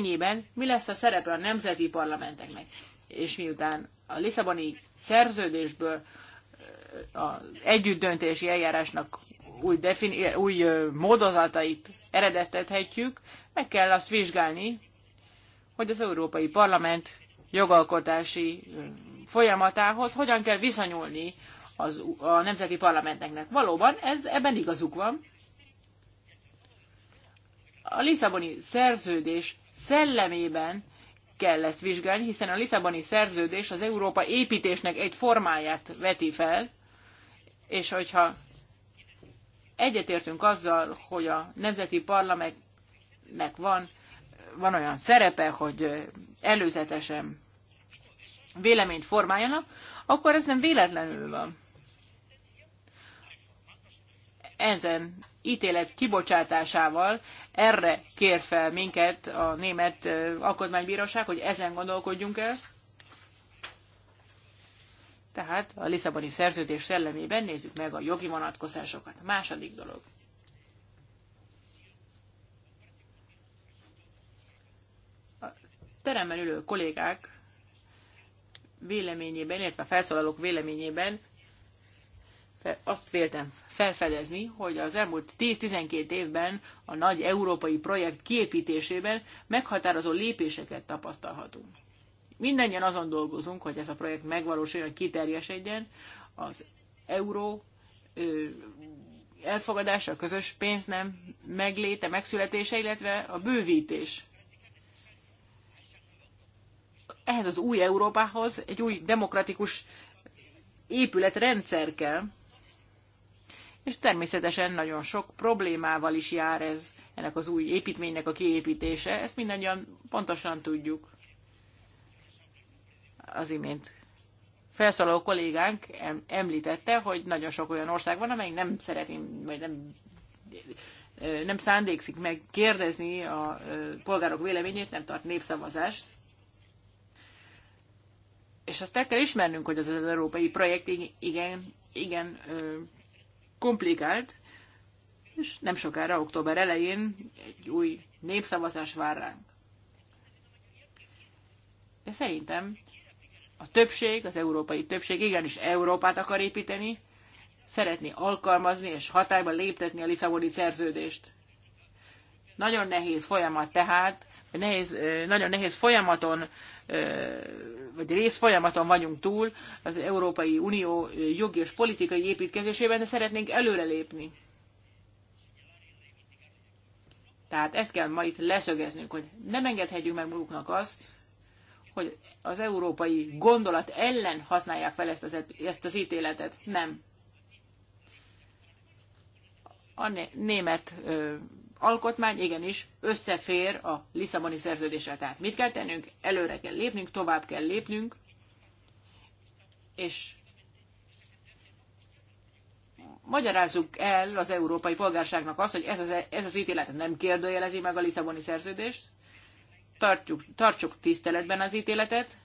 fényében mi lesz a szerepe a nemzeti parlamenteknek. És miután a Lisszaboni szerződésből az együttdöntési eljárásnak új, defini- új módozatait eredeztethetjük, meg kell azt vizsgálni, hogy az Európai Parlament jogalkotási folyamatához hogyan kell viszonyulni az, a nemzeti parlamenteknek. Valóban ez, ebben igazuk van. A Lisszaboni szerződés szellemében kell ezt vizsgálni, hiszen a Lisszaboni szerződés az Európa építésnek egy formáját veti fel, és hogyha egyetértünk azzal, hogy a nemzeti parlamentnek van, van olyan szerepe, hogy előzetesen véleményt formáljanak, akkor ez nem véletlenül van ezen ítélet kibocsátásával erre kér fel minket a német alkotmánybíróság, hogy ezen gondolkodjunk el. Tehát a Lisszaboni szerződés szellemében nézzük meg a jogi vonatkozásokat. Második dolog. A teremben ülő kollégák véleményében, illetve a felszólalók véleményében azt véltem felfedezni, hogy az elmúlt 10-12 évben a nagy európai projekt kiépítésében meghatározó lépéseket tapasztalhatunk. Mindennyian azon dolgozunk, hogy ez a projekt megvalósuljon, kiterjesedjen. Az euró elfogadása, a közös pénz nem megléte, megszületése, illetve a bővítés. Ehhez az új Európához egy új demokratikus épületrendszer kell, és természetesen nagyon sok problémával is jár ez, ennek az új építménynek a kiépítése, ezt mindannyian pontosan tudjuk. Az imént felszólaló kollégánk említette, hogy nagyon sok olyan ország van, amely nem szeretném, vagy nem, nem szándékszik megkérdezni a polgárok véleményét, nem tart népszavazást. És azt el kell ismernünk, hogy az, az európai projekt igen, igen komplikált, és nem sokára, október elején egy új népszavazás vár ránk. De szerintem a többség, az európai többség igenis Európát akar építeni, szeretné alkalmazni és hatályba léptetni a Lisszaboni szerződést. Nagyon nehéz folyamat tehát, nehéz, nagyon nehéz folyamaton vagy részfolyamaton vagyunk túl az Európai Unió jogi és politikai építkezésében, de szeretnénk előrelépni. Tehát ezt kell ma itt leszögeznünk, hogy nem engedhetjük meg maguknak azt, hogy az európai gondolat ellen használják fel ezt az, ezt az ítéletet. Nem. A német alkotmány igenis összefér a Lisszaboni szerződéssel. Tehát mit kell tennünk? Előre kell lépnünk, tovább kell lépnünk, és magyarázzuk el az európai polgárságnak azt, hogy ez az, ez az ítélet nem kérdőjelezi meg a Lisszaboni szerződést, tartjuk, tartsuk tiszteletben az ítéletet,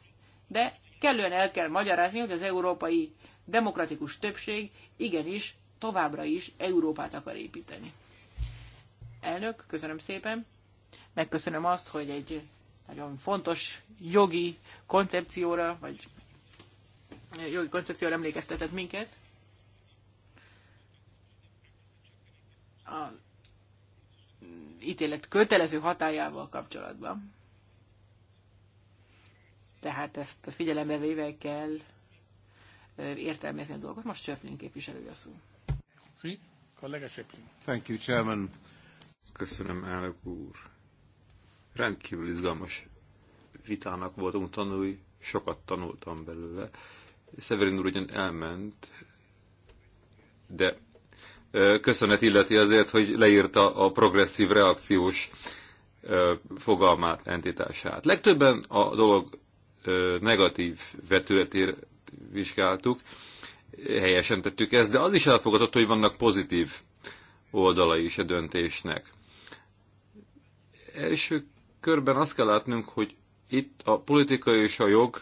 de kellően el kell magyarázni, hogy az európai demokratikus többség igenis továbbra is Európát akar építeni. Elnök, köszönöm szépen. Megköszönöm azt, hogy egy nagyon fontos jogi koncepcióra, vagy jogi koncepcióra emlékeztetett minket. A ítélet kötelező hatájával kapcsolatban. Tehát ezt figyelembe véve kell értelmezni a dolgot. Most Söpling képviselője a szó. Kollega Söpling. Thank you, Chairman. Köszönöm, elnök úr. Rendkívül izgalmas vitának voltunk tanulni, sokat tanultam belőle. Severin úr ugyan elment, de köszönet illeti azért, hogy leírta a progresszív reakciós fogalmát, entitását. Legtöbben a dolog negatív vetületét vizsgáltuk, helyesen tettük ezt, de az is elfogadott, hogy vannak pozitív oldala is a döntésnek első körben azt kell látnunk, hogy itt a politika és a jog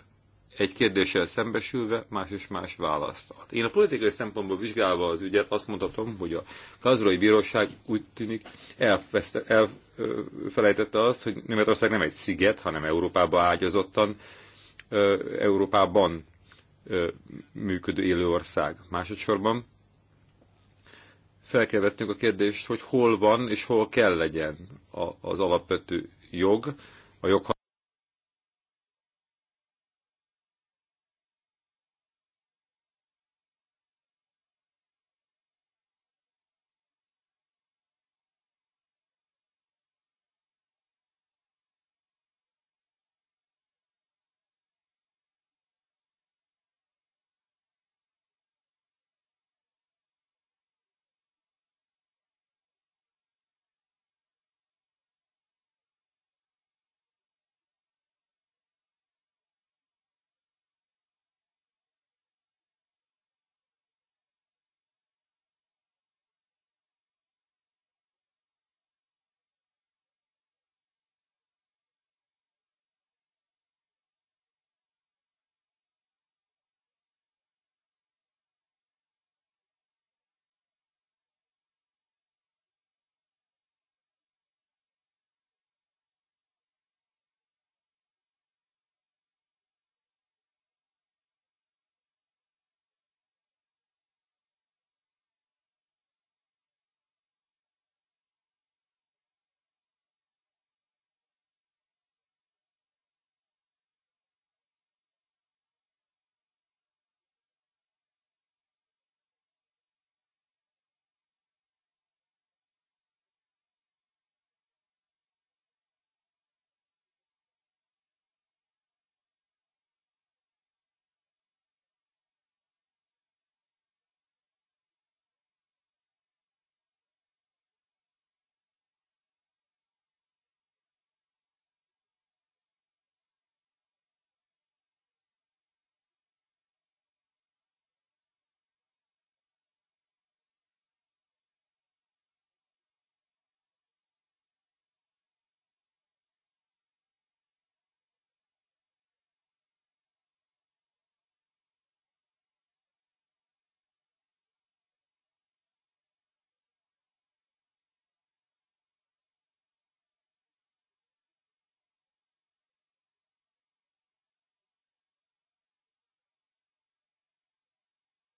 egy kérdéssel szembesülve más és más választ ad. Én a politikai szempontból vizsgálva az ügyet azt mondhatom, hogy a Kazrói Bíróság úgy tűnik elfelejtette azt, hogy Németország nem egy sziget, hanem Európába ágyazottan, Európában működő élő ország. Másodszorban fel kell vettünk a kérdést, hogy hol van és hol kell legyen az alapvető jog, a jog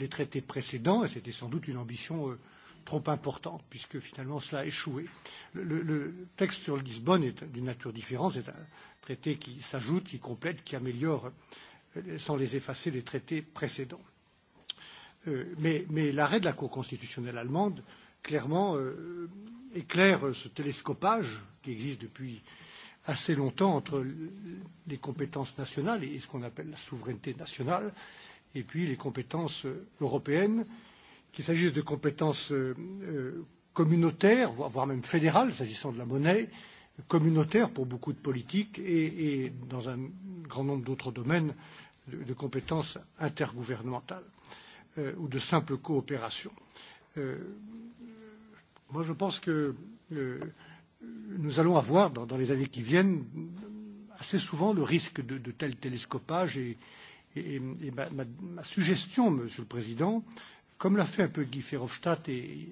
les traités précédents, et c'était sans doute une ambition euh, trop importante, puisque finalement cela a échoué. Le, le, le texte sur Lisbonne est d'une nature différente, c'est un traité qui s'ajoute, qui complète, qui améliore, euh, sans les effacer, les traités précédents. Euh, mais mais l'arrêt de la Cour constitutionnelle allemande, clairement, euh, éclaire ce télescopage qui existe depuis assez longtemps entre les compétences nationales et ce qu'on appelle la souveraineté nationale, euh, et puis les compétences euh, européennes, qu'il s'agisse de compétences euh, euh, communautaires, voire même fédérales, s'agissant de la monnaie, communautaires pour beaucoup de politiques et, et dans un grand nombre d'autres domaines de, de compétences intergouvernementales euh, ou de simple coopération. Euh, moi, je pense que euh, nous allons avoir dans, dans les années qui viennent assez souvent le risque de, de tel télescopage et, Et, et, et ma, ma, ma suggestion, Monsieur le Président, comme l'a fait un peu Guy Verhofstadt et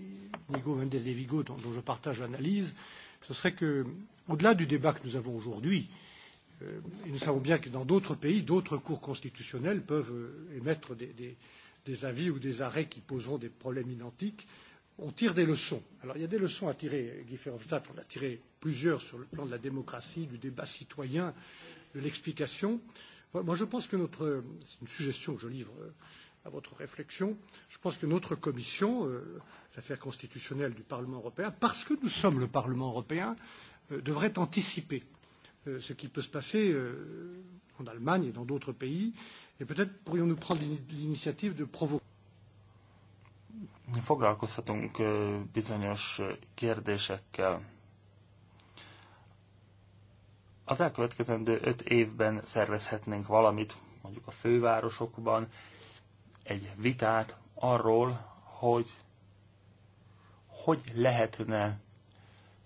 Diego Mendes de Vigo, dont, dont je partage l'analyse, ce serait que, au-delà du débat que nous avons aujourd'hui, euh, et nous savons bien que dans d'autres pays, d'autres cours constitutionnels peuvent euh, émettre des, des, des avis ou des arrêts qui poseront des problèmes identiques, on tire des leçons. Alors il y a des leçons à tirer, Guy Verhofstadt en a tiré plusieurs sur le plan de la démocratie, du débat citoyen, de l'explication. Euh, Moi, je pense que notre, c'est une suggestion que je livre euh, à votre réflexion, je pense que notre commission, euh, l'affaire constitutionnelle du Parlement européen, parce que nous sommes le Parlement européen, euh, devrait anticiper euh, ce qui peut se passer euh, en Allemagne et dans d'autres pays, et peut-être pourrions-nous prendre l'initiative de provoquer. Foglalkozhatunk euh, bizonyos euh, kérdésekkel az elkövetkezendő öt évben szervezhetnénk valamit, mondjuk a fővárosokban, egy vitát arról, hogy hogy lehetne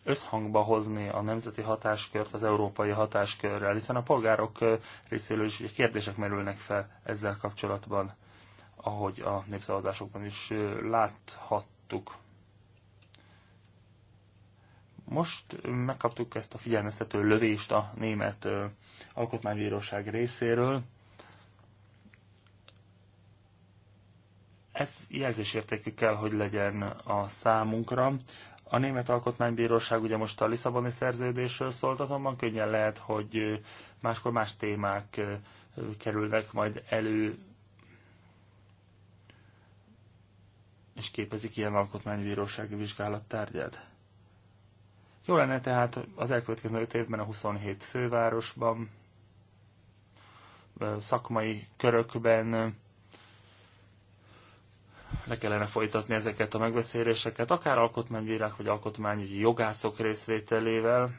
összhangba hozni a nemzeti hatáskört az európai hatáskörrel, hiszen a polgárok részéről is kérdések merülnek fel ezzel kapcsolatban, ahogy a népszavazásokban is láthattuk. Most megkaptuk ezt a figyelmeztető lövést a német alkotmánybíróság részéről. Ez jelzésértékű kell, hogy legyen a számunkra. A Német Alkotmánybíróság ugye most a Lisszaboni szerződésről szólt, azonban könnyen lehet, hogy máskor más témák kerülnek majd elő, és képezik ilyen alkotmánybírósági vizsgálat tárgyát. Jó lenne tehát az elkövetkező 5 évben a 27 fővárosban, szakmai körökben le kellene folytatni ezeket a megbeszéléseket, akár alkotmánybírák vagy alkotmányügyi jogászok részvételével.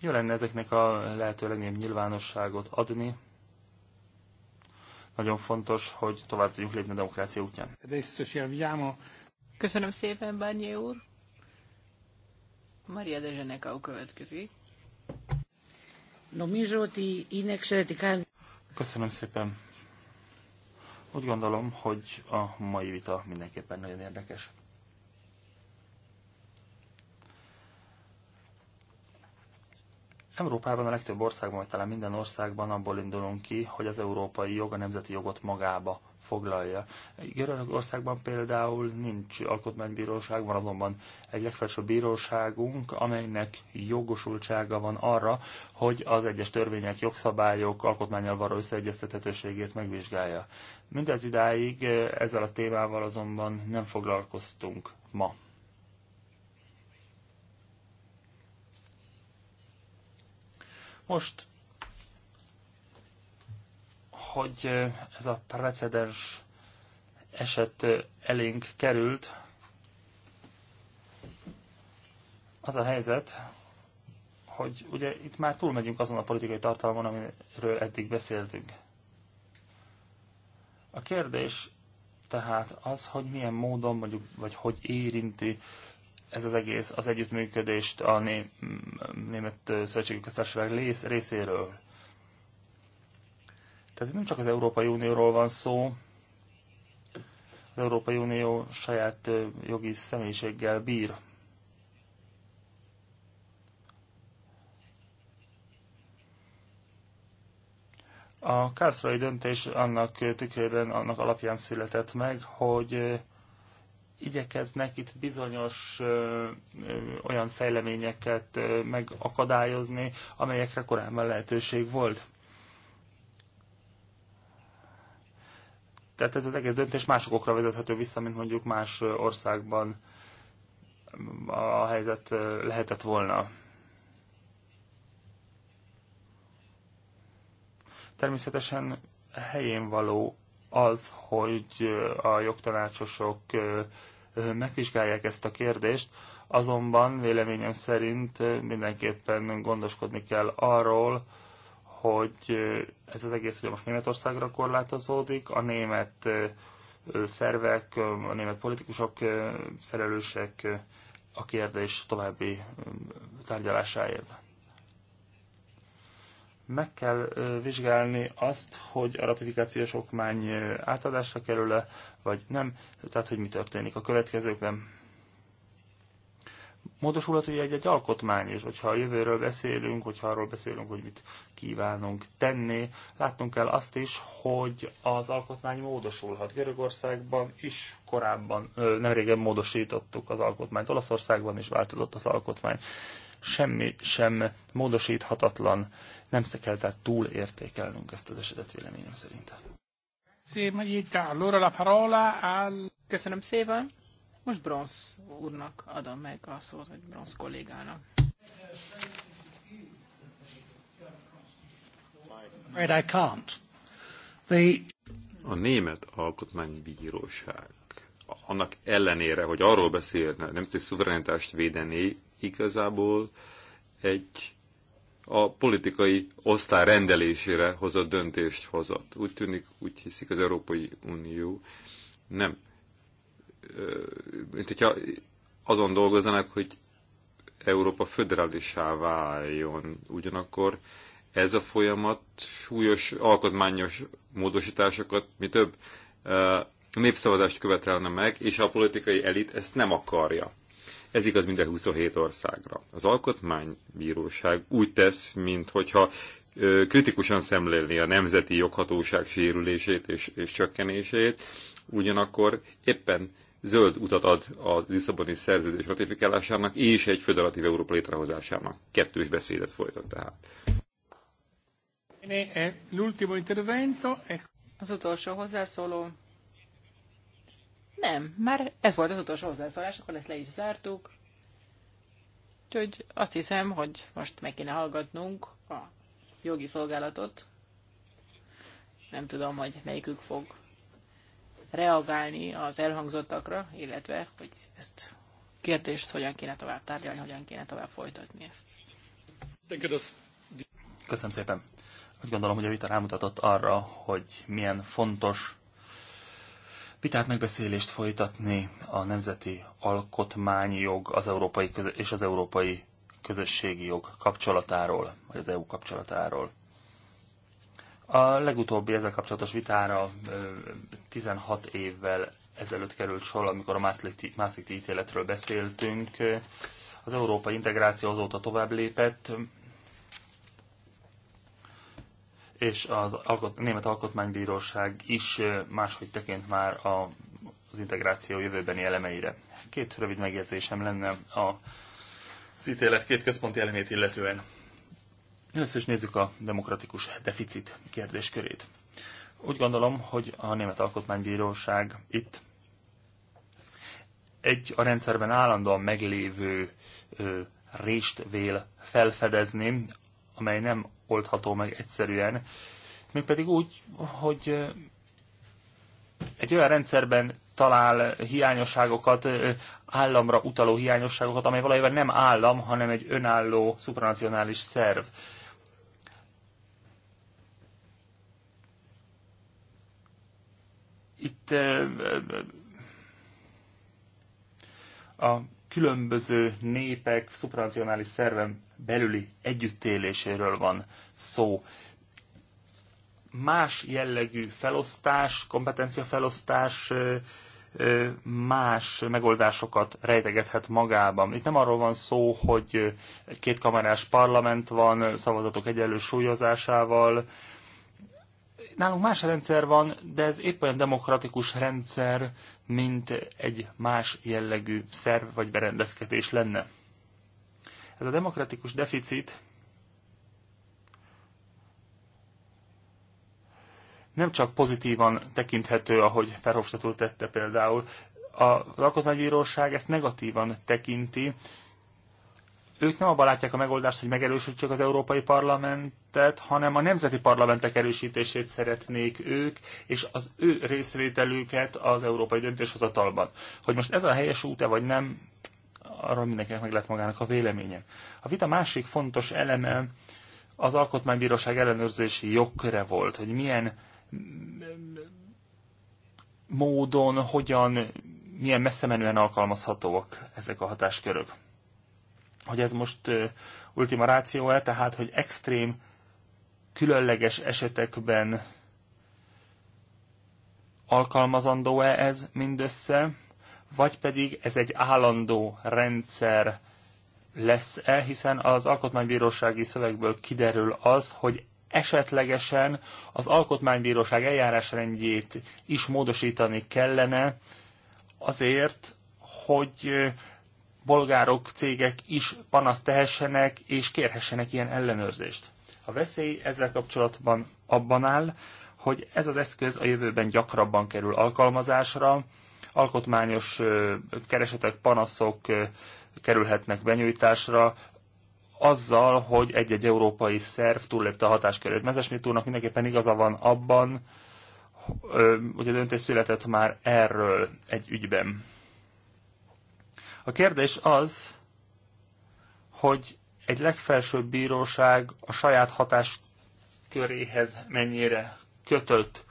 Jó lenne ezeknek a lehető legnagyobb nyilvánosságot adni, nagyon fontos, hogy tovább tudjunk lépni a demokrácia útján. Köszönöm szépen, Bányé úr. Maria de Zsenekau következik. Köszönöm szépen. Úgy gondolom, hogy a mai vita mindenképpen nagyon érdekes. Európában a legtöbb országban, vagy talán minden országban abból indulunk ki, hogy az európai jog a nemzeti jogot magába foglalja. Görögországban például nincs alkotmánybíróság, van azonban egy legfelsőbb bíróságunk, amelynek jogosultsága van arra, hogy az egyes törvények, jogszabályok alkotmányal való összeegyeztethetőségét megvizsgálja. Mindez idáig eh, ezzel a témával azonban nem foglalkoztunk ma Most, hogy ez a precedens eset elénk került, az a helyzet, hogy ugye itt már túlmegyünk azon a politikai tartalmon, amiről eddig beszéltünk. A kérdés tehát az, hogy milyen módon mondjuk, vagy hogy érinti ez az egész az együttműködést a né Német Szövetségi Köztársaság részéről. Tehát itt nem csak az Európai Unióról van szó, az Európai Unió saját jogi személyiséggel bír. A Kárszrai döntés annak tükrében, annak alapján született meg, hogy igyekeznek itt bizonyos ö, ö, olyan fejleményeket ö, megakadályozni, amelyekre korábban lehetőség volt. Tehát ez az egész döntés másokra vezethető vissza, mint mondjuk más országban a helyzet lehetett volna. Természetesen helyén való az, hogy a jogtanácsosok megvizsgálják ezt a kérdést, azonban véleményem szerint mindenképpen gondoskodni kell arról, hogy ez az egész ugye most Németországra korlátozódik, a német szervek, a német politikusok felelősek a kérdés további tárgyalásáért meg kell vizsgálni azt, hogy a ratifikációs okmány átadásra kerül-e, vagy nem, tehát hogy mi történik a következőkben. Módosulhat ugye egy, egy alkotmány is, hogyha a jövőről beszélünk, hogyha arról beszélünk, hogy mit kívánunk tenni, látnunk kell azt is, hogy az alkotmány módosulhat. Görögországban is korábban, nem régen módosítottuk az alkotmányt, Olaszországban is változott az alkotmány semmi sem módosíthatatlan, nem kell tehát túl értékelnünk ezt az esetet véleményem szerint. Köszönöm szépen. Most Bronz úrnak adom meg a szót, vagy Bronz kollégának. I can't. The... A Német Alkotmánybíróság annak ellenére, hogy arról beszélne, nem tudja szuverenitást védeni, igazából egy a politikai osztály rendelésére hozott döntést hozott. Úgy tűnik, úgy hiszik az Európai Unió. Nem. Mint hogyha azon dolgoznak, hogy Európa föderálisá váljon. Ugyanakkor ez a folyamat súlyos alkotmányos módosításokat, mi több, népszavazást követelne meg, és a politikai elit ezt nem akarja. Ez igaz mind a 27 országra. Az alkotmánybíróság úgy tesz, minthogyha kritikusan szemlélni a nemzeti joghatóság sérülését és, és csökkenését, ugyanakkor éppen zöld utat ad a Lisszaboni szerződés ratifikálásának és egy föderatív Európa létrehozásának. Kettős beszédet folytat tehát. Eh, Az utolsó hozzászóló nem, már ez volt az utolsó hozzászólás, akkor ezt le is zártuk. Úgyhogy azt hiszem, hogy most meg kéne hallgatnunk a jogi szolgálatot. Nem tudom, hogy melyikük fog reagálni az elhangzottakra, illetve hogy ezt kérdést hogyan kéne tovább tárgyalni, hogyan kéne tovább folytatni ezt. Köszönöm szépen. Úgy gondolom, hogy a vita rámutatott arra, hogy milyen fontos vitát, megbeszélést folytatni a nemzeti alkotmányjog az európai közö- és az európai közösségi jog kapcsolatáról, vagy az EU kapcsolatáról. A legutóbbi ezzel kapcsolatos vitára 16 évvel ezelőtt került sor, amikor a Maastrichti ítéletről beszéltünk. Az európai integráció azóta tovább lépett, és az alkot, Német Alkotmánybíróság is máshogy tekint már a, az integráció jövőbeni elemeire. Két rövid megjegyzésem lenne a az ítélet két központi elemét illetően. Először is nézzük a demokratikus deficit kérdéskörét. Úgy gondolom, hogy a Német Alkotmánybíróság itt egy a rendszerben állandóan meglévő ö, rést vél felfedezni, amely nem oldható meg egyszerűen, mégpedig úgy, hogy egy olyan rendszerben talál hiányosságokat, államra utaló hiányosságokat, amely valójában nem állam, hanem egy önálló, szupranacionális szerv. Itt a különböző népek, szupranacionális szerven belüli együttéléséről van szó. Más jellegű felosztás, kompetenciafelosztás más megoldásokat rejtegethet magában. Itt nem arról van szó, hogy két kamerás parlament van, szavazatok egyenlő súlyozásával, Nálunk más rendszer van, de ez épp olyan demokratikus rendszer, mint egy más jellegű szerv vagy berendezkedés lenne. Ez a demokratikus deficit nem csak pozitívan tekinthető, ahogy Ferhofstadt tette például, a lakotmánybíróság ezt negatívan tekinti, ők nem abban látják a megoldást, hogy megerősítsük az Európai Parlamentet, hanem a nemzeti parlamentek erősítését szeretnék ők, és az ő részvételüket az európai döntéshozatalban. Hogy most ez a helyes út-e vagy nem, arról mindenkinek meg lett magának a véleménye. A vita másik fontos eleme az Alkotmánybíróság ellenőrzési jogköre volt, hogy milyen módon, hogyan, milyen messze menően alkalmazhatóak ezek a hatáskörök hogy ez most ultima ráció-e, tehát hogy extrém, különleges esetekben alkalmazandó-e ez mindössze, vagy pedig ez egy állandó rendszer lesz-e, hiszen az alkotmánybírósági szövegből kiderül az, hogy esetlegesen az alkotmánybíróság eljárásrendjét is módosítani kellene azért, hogy bolgárok, cégek is panaszt tehessenek és kérhessenek ilyen ellenőrzést. A veszély ezzel kapcsolatban abban áll, hogy ez az eszköz a jövőben gyakrabban kerül alkalmazásra, alkotmányos keresetek, panaszok kerülhetnek benyújtásra, azzal, hogy egy-egy európai szerv túllépte a hatáskörét. Mezesmit úrnak mindenképpen igaza van abban, hogy a döntés született már erről egy ügyben. A kérdés az, hogy egy legfelsőbb bíróság a saját hatás köréhez mennyire kötött,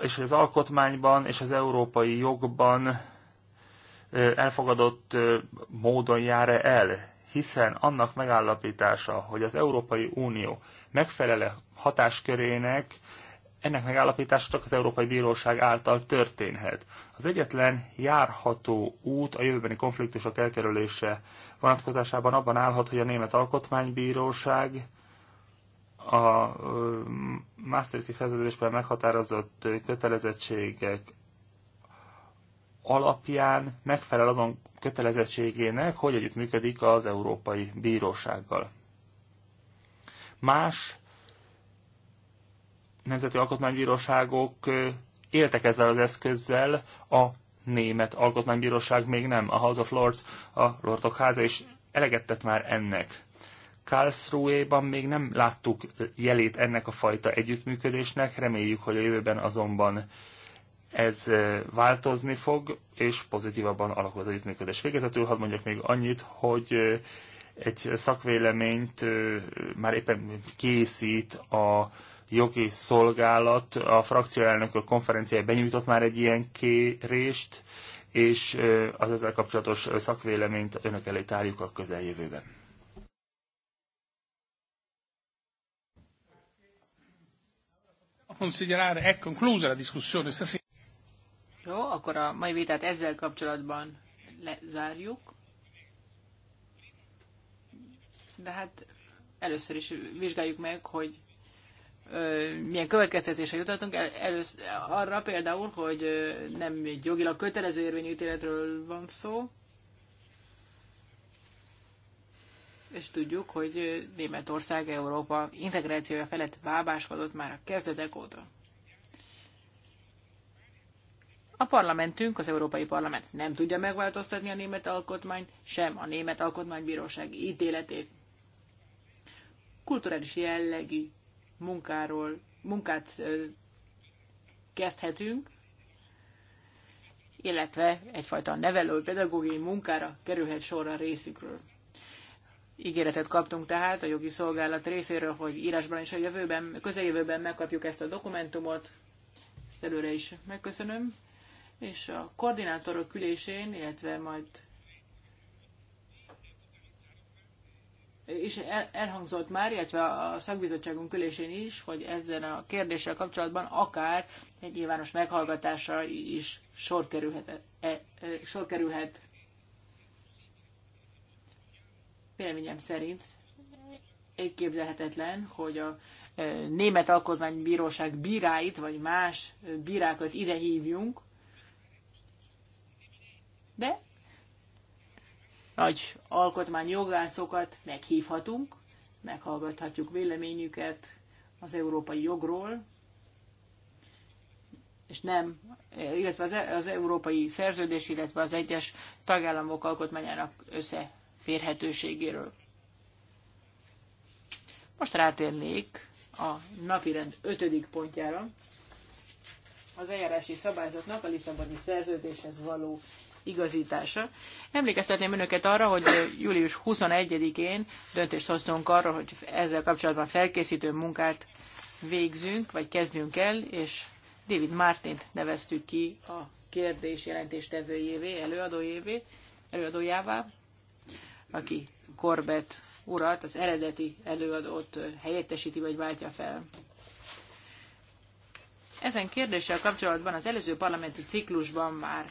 és az alkotmányban és az európai jogban elfogadott módon jár -e el, hiszen annak megállapítása, hogy az Európai Unió megfelele hatáskörének ennek megállapítása csak az Európai Bíróság által történhet. Az egyetlen járható út a jövőbeni konfliktusok elkerülése vonatkozásában abban állhat, hogy a Német Alkotmánybíróság a Maastrichti szerződésben meghatározott kötelezettségek alapján megfelel azon kötelezettségének, hogy együtt működik az Európai Bírósággal. Más nemzeti alkotmánybíróságok éltek ezzel az eszközzel, a német alkotmánybíróság még nem, a House of Lords, a Lordok háza, és eleget már ennek. Karlsruhe-ban még nem láttuk jelét ennek a fajta együttműködésnek, reméljük, hogy a jövőben azonban ez változni fog, és pozitívabban alakul az együttműködés. Végezetül hadd mondjak még annyit, hogy egy szakvéleményt már éppen készít a jogi szolgálat a frakcióelnökök konferenciája benyújtott már egy ilyen kérést, és az ezzel kapcsolatos szakvéleményt önök elé tárjuk a közeljövőben. Considerare è conclusa la discussione Jó, akkor a mai vitát ezzel kapcsolatban lezárjuk. De hát először is vizsgáljuk meg, hogy milyen következtetése jutottunk el, először, arra például, hogy nem egy jogilag kötelező érvényű ítéletről van szó, és tudjuk, hogy Németország Európa integrációja felett bábáskodott már a kezdetek óta. A parlamentünk, az Európai Parlament nem tudja megváltoztatni a német alkotmányt, sem a német alkotmánybíróság ítéletét. Kulturális jellegű munkáról, munkát kezdhetünk, illetve egyfajta nevelő pedagógiai munkára kerülhet sor a részükről. Ígéretet kaptunk tehát a jogi szolgálat részéről, hogy írásban is a jövőben, közeljövőben megkapjuk ezt a dokumentumot. Ezt előre is megköszönöm. És a koordinátorok ülésén, illetve majd és elhangzott már, illetve a szakbizottságunk ülésén is, hogy ezzel a kérdéssel kapcsolatban akár egy nyilvános meghallgatásra is sor kerülhet. E, e, sor kerülhet. Véleményem szerint képzelhetetlen, hogy a e, Német Alkotmánybíróság bíráit, vagy más bírákat ide hívjunk, de nagy alkotmányjogászokat meghívhatunk, meghallgathatjuk véleményüket az európai jogról, és nem, illetve az, az európai szerződés, illetve az egyes tagállamok alkotmányának összeférhetőségéről. Most rátérnék a napirend ötödik pontjára, az eljárási szabályzatnak a Lisszaboni szerződéshez való igazítása. Emlékeztetném önöket arra, hogy július 21-én döntést hoztunk arra, hogy ezzel kapcsolatban felkészítő munkát végzünk, vagy kezdünk el, és David Martint neveztük ki a kérdés jelentéstevőjévé, előadójévé, előadójává, aki Corbett urat, az eredeti előadót helyettesíti vagy váltja fel. Ezen kérdéssel kapcsolatban az előző parlamenti ciklusban már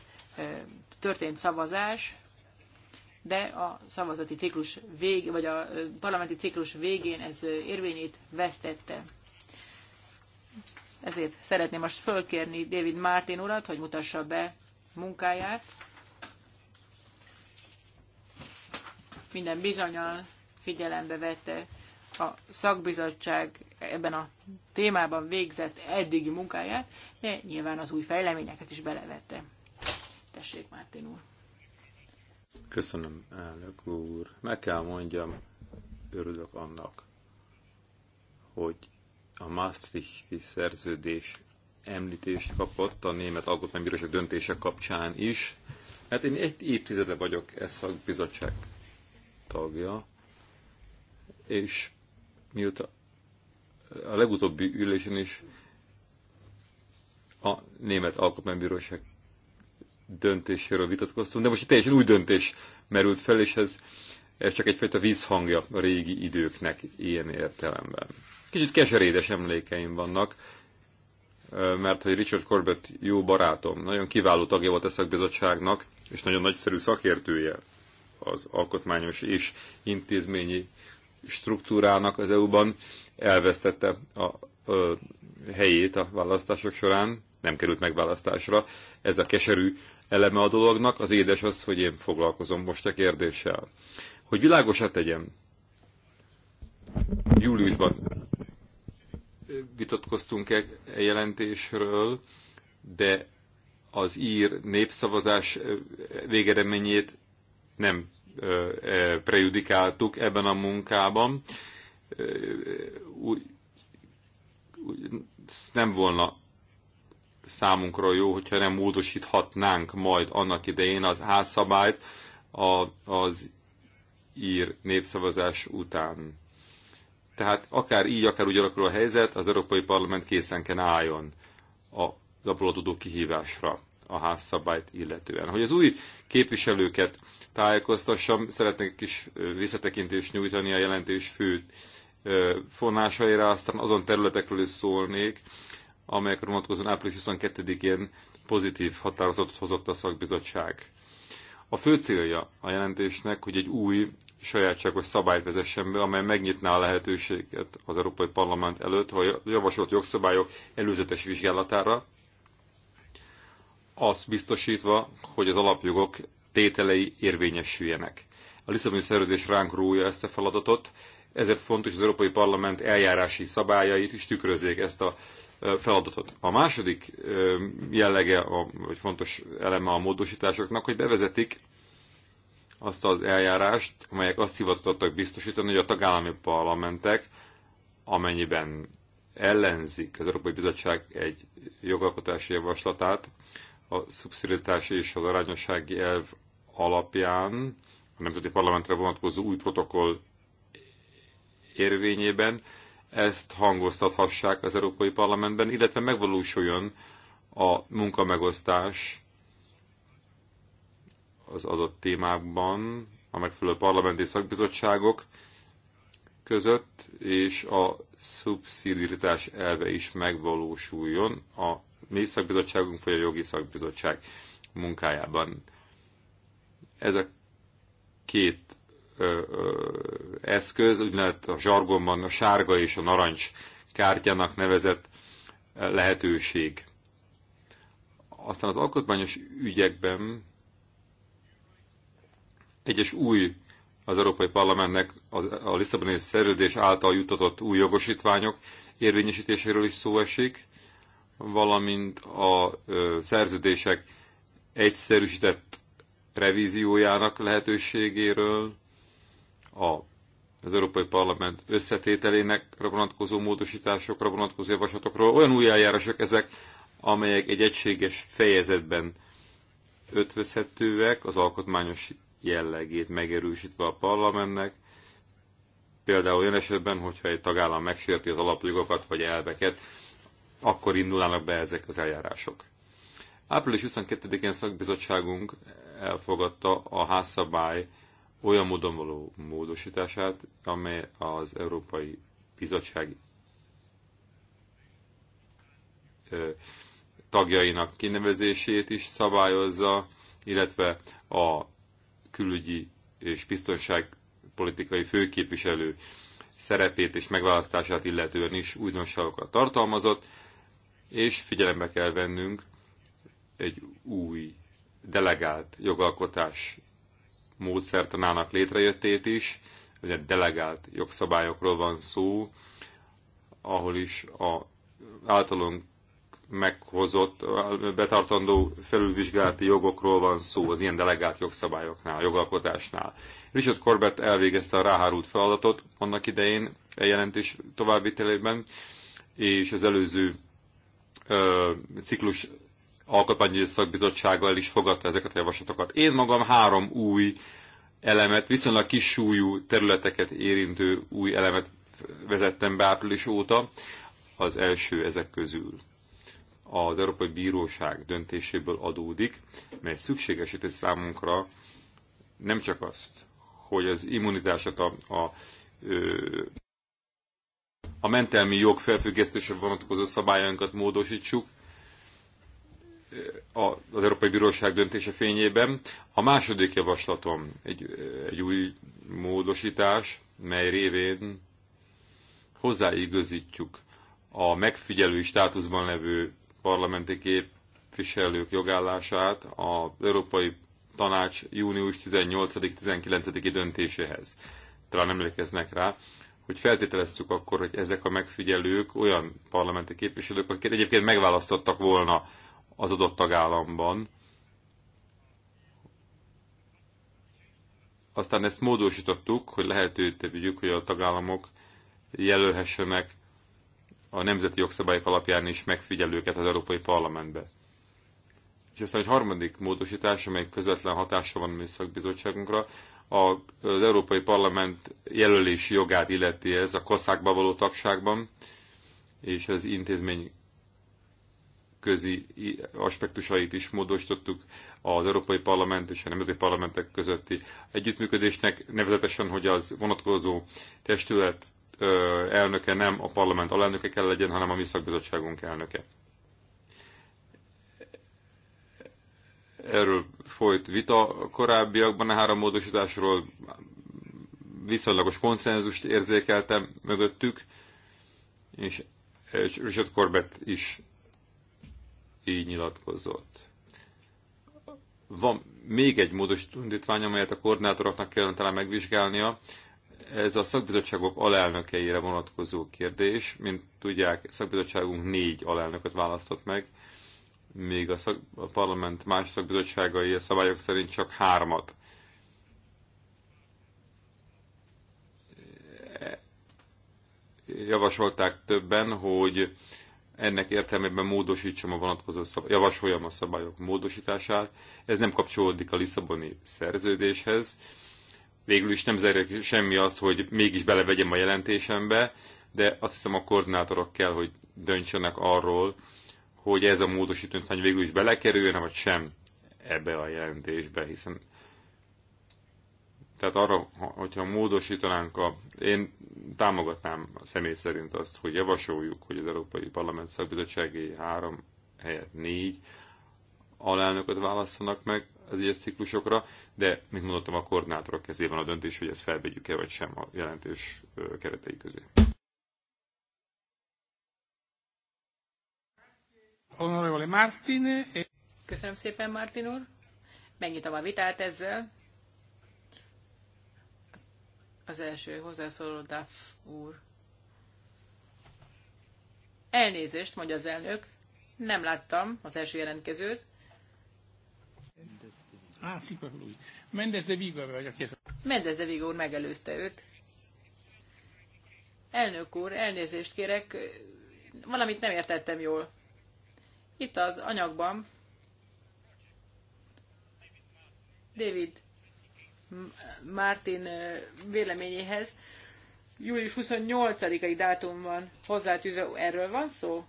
történt szavazás, de a szavazati ciklus vég, vagy a parlamenti ciklus végén ez érvényét vesztette. Ezért szeretném most fölkérni David Martin urat, hogy mutassa be munkáját. Minden bizonyal figyelembe vette a szakbizottság ebben a témában végzett eddigi munkáját, de nyilván az új fejleményeket is belevette. Tessék, Mártin úr. Köszönöm, elnök úr. Meg kell mondjam, örülök annak, hogy a Maastrichti szerződés említést kapott a Német Alkotmánybíróság döntése kapcsán is. Hát én egy évtizede vagyok e a bizottság tagja, és mióta a legutóbbi ülésen is a Német Alkotmánybíróság döntéséről vitatkoztunk, de most itt teljesen új döntés merült fel, és ez, ez csak egyfajta vízhangja a régi időknek ilyen értelemben. Kicsit keserédes emlékeim vannak, mert hogy Richard Corbett jó barátom, nagyon kiváló tagja volt a szakbizottságnak, és nagyon nagyszerű szakértője az alkotmányos és intézményi struktúrának az EU-ban elvesztette a, a, a helyét a választások során, nem került megválasztásra. Ez a keserű eleme a dolognak, az édes az, hogy én foglalkozom most a kérdéssel. Hogy világosat tegyem, júliusban vitatkoztunk -e, e jelentésről, de az ír népszavazás e, végeredményét nem e, prejudikáltuk ebben a munkában. Úgy, úgy, nem volna számunkra jó, hogyha nem módosíthatnánk majd annak idején az házszabályt a, az ír népszavazás után. Tehát akár így, akár úgy alakul a helyzet, az Európai Parlament kell álljon a lapolódó kihívásra a házszabályt illetően. Hogy az új képviselőket tájékoztassam, szeretnék kis visszatekintést nyújtani a jelentés fő fonásaira, aztán azon területekről is szólnék, amelyekre vonatkozóan április 22-én pozitív határozatot hozott a szakbizottság. A fő célja a jelentésnek, hogy egy új, sajátságos szabályt vezessen be, amely megnyitná a lehetőséget az Európai Parlament előtt, hogy a javasolt jogszabályok előzetes vizsgálatára, azt biztosítva, hogy az alapjogok tételei érvényesüljenek. A Lisszaboni szerződés ránk rója ezt a feladatot, ezért fontos, hogy az Európai Parlament eljárási szabályait is tükrözzék ezt a feladatot. A második jellege, vagy fontos eleme a módosításoknak, hogy bevezetik azt az eljárást, amelyek azt hivatottak biztosítani, hogy a tagállami parlamentek, amennyiben ellenzik az Európai Bizottság egy jogalkotási javaslatát, a szubszidiaritás és az arányossági elv alapján, a Nemzeti Parlamentre vonatkozó új protokoll érvényében ezt hangoztathassák az Európai Parlamentben, illetve megvalósuljon a munkamegosztás az adott témákban, a megfelelő parlamenti szakbizottságok között, és a szubszidiritás elve is megvalósuljon a mi szakbizottságunk vagy a jogi szakbizottság munkájában. Ez a két eszköz, úgy eszköz, úgynevezett a zsargonban a sárga és a narancs kártyának nevezett lehetőség. Aztán az alkotmányos ügyekben egyes új az Európai Parlamentnek a Lisszaboni szerződés által jutatott új jogosítványok érvényesítéséről is szó esik, valamint a szerződések egyszerűsített revíziójának lehetőségéről, a, az Európai Parlament összetételének vonatkozó módosításokra vonatkozó javaslatokról. Olyan új eljárások ezek, amelyek egy egységes fejezetben ötvözhetőek, az alkotmányos jellegét megerősítve a parlamentnek, például olyan esetben, hogyha egy tagállam megsérti az alapjogokat vagy elveket, akkor indulnának be ezek az eljárások. Április 22-én szakbizottságunk elfogadta a házszabály olyan módon való módosítását, amely az Európai Bizottság tagjainak kinevezését is szabályozza, illetve a külügyi és biztonságpolitikai főképviselő szerepét és megválasztását illetően is újdonságokat tartalmazott, és figyelembe kell vennünk egy új delegált jogalkotás módszertanának létrejöttét is, ugye delegált jogszabályokról van szó, ahol is a általunk meghozott, betartandó felülvizsgálati jogokról van szó az ilyen delegált jogszabályoknál, jogalkotásnál. Richard Corbett elvégezte a ráhárult feladatot annak idején a e jelentés további telében, és az előző ö, ciklus alkotmányügyi szakbizottsággal is fogadta ezeket a javaslatokat. Én magam három új elemet, viszonylag kis súlyú területeket érintő új elemet vezettem be április óta. Az első ezek közül az Európai Bíróság döntéséből adódik, mely szükségesíti számunkra nem csak azt, hogy az immunitását a, a, a mentelmi jog felfüggesztésre vonatkozó szabályainkat módosítsuk, az Európai Bíróság döntése fényében. A második javaslatom egy, egy új módosítás, mely révén hozzáigazítjuk a megfigyelői státuszban levő parlamenti képviselők jogállását az Európai Tanács június 18-19-i döntéséhez. Talán emlékeznek rá, hogy feltételeztük akkor, hogy ezek a megfigyelők olyan parlamenti képviselők, akiket egyébként megválasztottak volna az adott tagállamban. Aztán ezt módosítottuk, hogy lehetővé tegyük, hogy a tagállamok jelölhessenek a nemzeti jogszabályok alapján is megfigyelőket az Európai Parlamentbe. És aztán egy harmadik módosítás, amely közvetlen hatása van a Műszakbizottságunkra, az Európai Parlament jelölési jogát illeti ez a koszákba való tagságban, és az intézmény közi aspektusait is módosítottuk az Európai Parlament és a Nemzeti Parlamentek közötti együttműködésnek, nevezetesen, hogy az vonatkozó testület elnöke nem a parlament alelnöke kell legyen, hanem a mi szakbizottságunk elnöke. Erről folyt vita korábbiakban a három módosításról viszonylagos konszenzust érzékeltem mögöttük, és Richard Corbett is így nyilatkozott. Van még egy módosító indítvány, amelyet a koordinátoroknak kellene talán megvizsgálnia. Ez a szakbizottságok alelnökeire vonatkozó kérdés. Mint tudják, szakbizottságunk négy alelnököt választott meg, még a, szak, a parlament más szakbizottságai a szabályok szerint csak hármat. E- Javasolták többen, hogy ennek értelmében módosítsam a vonatkozó szabályok, javasoljam a szabályok módosítását. Ez nem kapcsolódik a Lisszaboni szerződéshez. Végül is nem zárja semmi azt, hogy mégis belevegyem a jelentésembe, de azt hiszem a koordinátorok kell, hogy döntsenek arról, hogy ez a módosító végül is belekerüljön, vagy sem ebbe a jelentésbe, hiszen tehát arra, hogyha módosítanánk, a, én támogatnám személy szerint azt, hogy javasoljuk, hogy az Európai Parlament szakbizottsági három helyett négy alelnököt válasszanak meg az egyes ciklusokra, de, mint mondottam, a koordinátorok kezében a döntés, hogy ezt felvegyük-e vagy sem a jelentés keretei közé. Honorable Martin. Köszönöm szépen, Martin úr. Megnyitom a vitát ezzel. Az első hozzászóló Duff úr. Elnézést, mondja az elnök. Nem láttam az első jelentkezőt. Á, ah, szipa, lui. Mendes de Vigo vagyok. Mendes de Vigo úr megelőzte őt. Elnök úr, elnézést kérek, valamit nem értettem jól. Itt az anyagban David Martin véleményéhez. Július 28-ai dátum van hozzátűzve, erről van szó?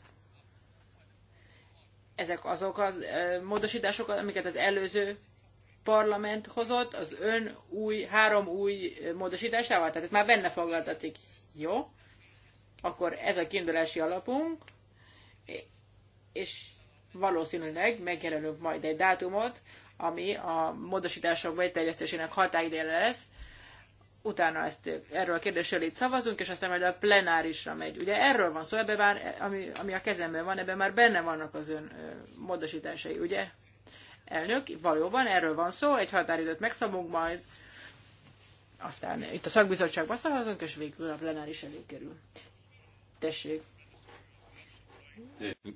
Ezek azok az módosítások, amiket az előző parlament hozott, az ön új, három új módosításával, tehát ezt már benne foglaltatik. Jó? Akkor ez a kiindulási alapunk, és valószínűleg megjelenünk majd egy dátumot, ami a módosítások vagy terjesztésének határidére lesz. Utána ezt, erről a kérdésről itt szavazunk, és aztán majd a plenárisra megy. Ugye erről van szó, ebben már, ami, ami a kezemben van, ebben már benne vannak az ön módosításai, ugye? Elnök, valóban erről van szó, egy határidőt megszabunk majd, aztán itt a szakbizottságban szavazunk, és végül a plenáris elé kerül. Tessék.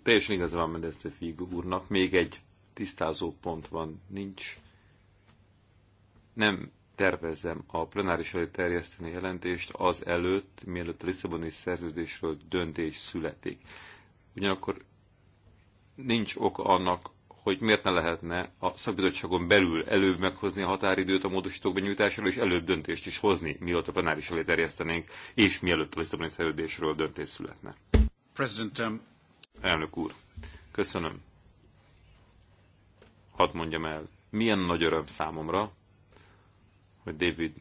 Teljesen igaz van ezt a úrnak. Még egy tisztázó pont van, nincs. Nem tervezem a plenáris előtt terjeszteni jelentést az előtt, mielőtt a Lisszaboni szerződésről döntés születik. Ugyanakkor nincs ok annak, hogy miért ne lehetne a szakbizottságon belül előbb meghozni a határidőt a módosítók benyújtásáról, és előbb döntést is hozni, mielőtt a plenáris elé terjesztenénk, és mielőtt a Lisszaboni szerződésről döntés születne. President, um... Elnök úr, köszönöm hadd mondjam el, milyen nagy öröm számomra, hogy David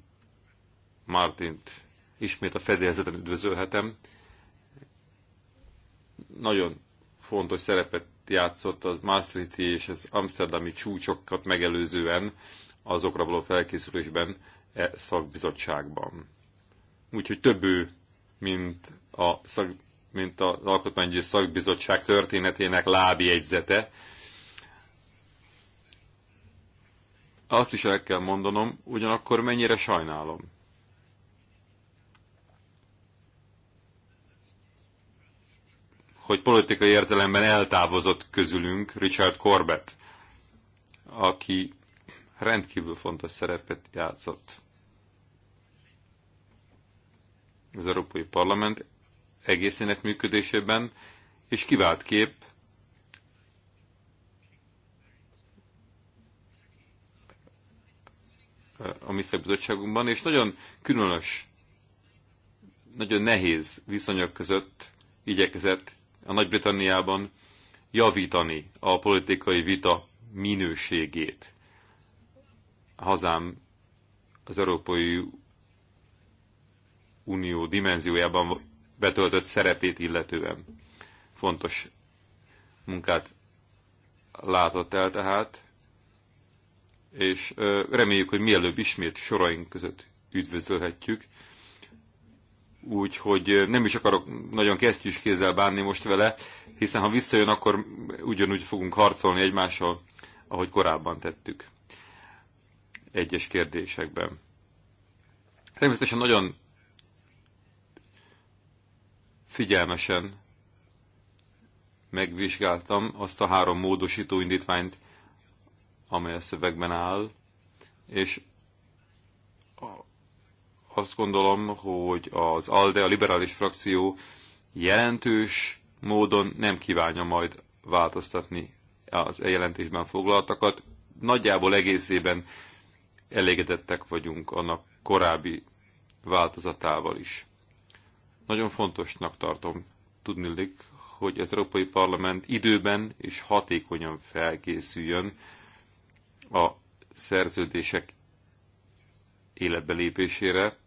Martint ismét a fedélzeten üdvözölhetem. Nagyon fontos szerepet játszott az Maastrichti és az Amsterdami csúcsokat megelőzően azokra való felkészülésben e szakbizottságban. Úgyhogy több ő, mint a szak, mint az alkotmányi Szakbizottság történetének lábjegyzete, Azt is el kell mondanom, ugyanakkor mennyire sajnálom. hogy politikai értelemben eltávozott közülünk Richard Corbett, aki rendkívül fontos szerepet játszott. Az Európai Parlament egészének működésében, és kivált kép a mi szakbizottságunkban, és nagyon különös, nagyon nehéz viszonyok között igyekezett a Nagy-Britanniában javítani a politikai vita minőségét. hazám az Európai Unió dimenziójában betöltött szerepét illetően fontos munkát látott el tehát és reméljük, hogy mielőbb ismét soraink között üdvözölhetjük. Úgyhogy nem is akarok nagyon kesztyűs kézzel bánni most vele, hiszen ha visszajön, akkor ugyanúgy fogunk harcolni egymással, ahogy korábban tettük egyes kérdésekben. Természetesen nagyon figyelmesen megvizsgáltam azt a három módosító indítványt, amely a szövegben áll, és azt gondolom, hogy az ALDE, a liberális frakció jelentős módon nem kívánja majd változtatni az e jelentésben foglaltakat. Nagyjából egészében elégedettek vagyunk annak korábbi változatával is. Nagyon fontosnak tartom tudni, hogy az Európai Parlament időben és hatékonyan felkészüljön a szerződések életbe lépésére,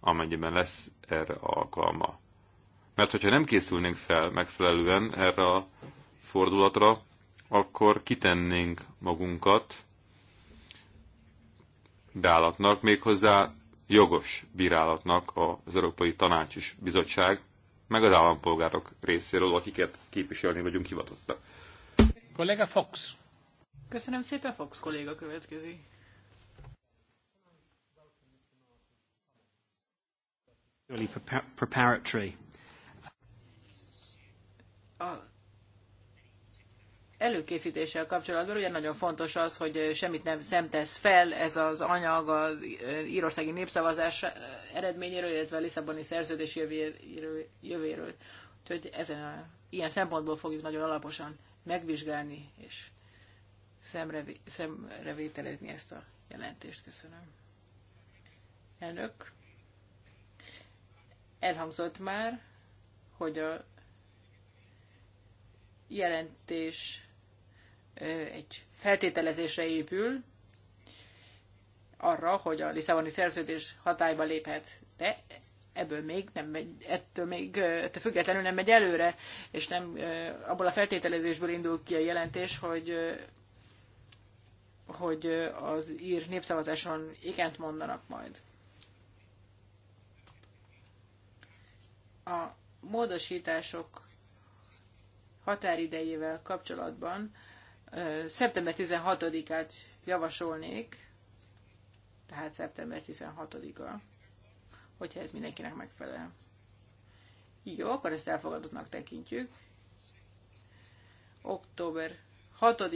amennyiben lesz erre alkalma. Mert hogyha nem készülnénk fel megfelelően erre a fordulatra, akkor kitennénk magunkat bálatnak, méghozzá jogos bírálatnak az Európai Tanács és Bizottság, meg az állampolgárok részéről, akiket képviselni vagyunk hivatottak. Kollega Fox. Köszönöm szépen, Fox kolléga következik. Really preparatory. A előkészítéssel kapcsolatban ugye nagyon fontos az, hogy semmit nem szemtesz fel ez az anyag az e, írországi népszavazás eredményéről, illetve a Lisszaboni szerződés jövőről. jövőről. Úgyhogy ezen a, ilyen szempontból fogjuk nagyon alaposan megvizsgálni és szemrevé, szemrevételezni ezt a jelentést. Köszönöm. Elnök, elhangzott már, hogy a jelentés egy feltételezésre épül, arra, hogy a Lisszaboni szerződés hatályba léphet, de ebből még nem megy, ettől még ettől függetlenül nem megy előre, és nem abból a feltételezésből indul ki a jelentés, hogy hogy az ír népszavazáson igent mondanak majd. A módosítások határidejével kapcsolatban szeptember 16-át javasolnék, tehát szeptember 16-a, hogyha ez mindenkinek megfelel. Jó, akkor ezt elfogadottnak tekintjük. Október 6